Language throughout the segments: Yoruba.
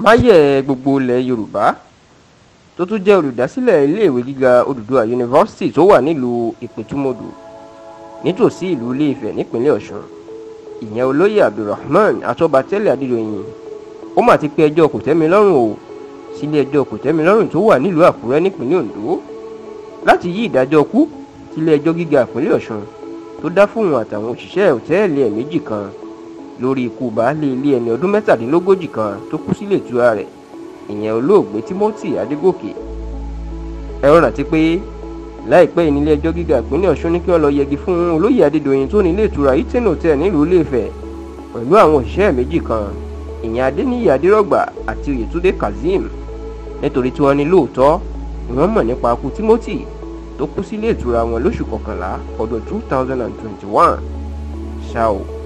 máyẹ̀ gbogbo ilẹ̀ yorùbá tó tún jẹ́ olùdásílẹ̀ iléèwé gíga Odùduwà yunifásitì tó wà nílùú ìpètúmodù nítòsí ìlú iléìfẹ̀ nípínlẹ̀ ọ̀ṣun ìyẹn olóyè abdulrahman atọ́batẹ́lẹ̀ adédọ̀yìn ó mà ti pé ẹjọ́ kòtẹ́milọ́rùn o sílé ẹjọ́ kòtẹ́milọ́rùn tó wà nílùú àkúrẹ́ nípínlẹ̀ ondo láti yí ìdájọ́ kú sílé ẹjọ́ gíga ìpínlẹ̀ ọ̀ṣun tó dá fóun àtàwọn òṣìṣẹ́ òtẹ́ẹ̀lì ẹ̀ méjì kan lórí ikú baálé ilé ẹni ọdún mẹ́tàdínlógójì kan tó kú sílé ìtura rẹ̀ ìyẹn olóògbé Timothy Adégòkè ẹ ó rántí pé láìpẹ́ yìí nílé ẹjọ́ gíga ìpínlẹ̀ Ọ̀ṣun ní kí wọ́n lọ yẹgi fún olóyè Adédoyin tó nílé ìtura Hilton Hotel nílùú Ilé-Ifẹ̀ pẹ̀lú àwọn òṣìṣẹ́ méjì kan ìyẹn Adéníyì Adérọ̀gbà àti Oyètúndé Kazeem nítorí tí wọ́n ní lóòótọ́ ni wọ́n mọ̀ nípa ikú Timothy tó kú sílé ìtura wọn lóṣù kọkànlá ọdún 2021 ṣá o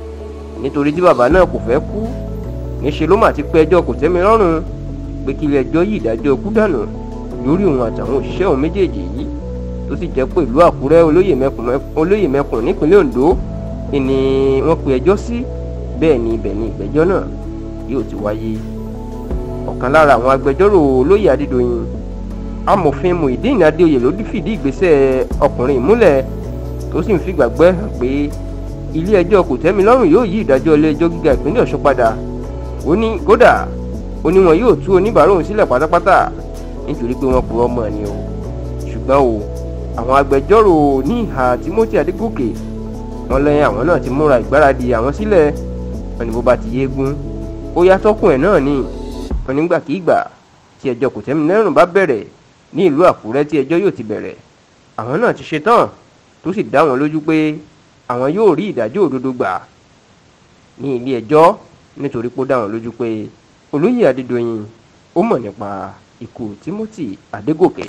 nítorí tí bàbá náà kò fẹ́ kú níṣẹ́ ló mà ti pé ẹjọ́ kòtẹ́milọ́rùn pé kí ilé ẹjọ́ yìí ìdájọ́ ikú dànù lórí òun àtàwọn òṣìṣẹ́ òun méjèèjì yìí tó sì jẹ́ pé ìlú Àkúrẹ́ olóyè mẹ́kùn nípínlẹ̀ Ondo ni wọ́n pe ẹjọ́ sí bẹ́ẹ̀ ni ibẹ̀ ni ìgbẹ́jọ́ náà yóò ti wáyé ọ̀kan lára àwọn agbẹjọ́rò olóyè Adédoyin amòfin Muideen Adéoyè ló fìdí ìgbésẹ̀ ọkùnrin ìmúlẹ̀ tó sì ń fìgbàgbẹ́ hàn pé ilé ẹjọ́ kòtẹ́milọ́rùn yóò yí ìdájọ́ ilé ẹjọ́ gíga ìpínlẹ̀ ọ̀ṣun padà ó ní kódà ó ní wọn yóò tú oníbàárà òun sílẹ̀ pátápátá nítorí pé wọn purọ́ mọ́ ni o ṣùgbọ́n o àwọn agbẹjọ́rò ní ìhà timothy adégòkè wọn lẹ́yìn àwọn náà ti múra ìgbáradì àwọn sílẹ̀ wọn ni bó bá ti yéégún ó yá tọ́kùn ẹ̀ náà ni wọn nígbàkigbà tí ẹjọ́ kòtẹ́milọ́rùn bá bẹ̀rẹ̀ ní ìlú àkúrẹ́ tí ẹjọ́ yóò ti bẹ̀rẹ̀ àwọn náà ti ṣetán tó sì dá wọn lójú pé àwọn yóò rí ìdájọ́ òdodo gbà ní ilé ẹjọ́ nítorí pé ó dá wọn lójú pé olóyè Adédoyin ó mọ̀ nípa ikú Timothy Adégòkè.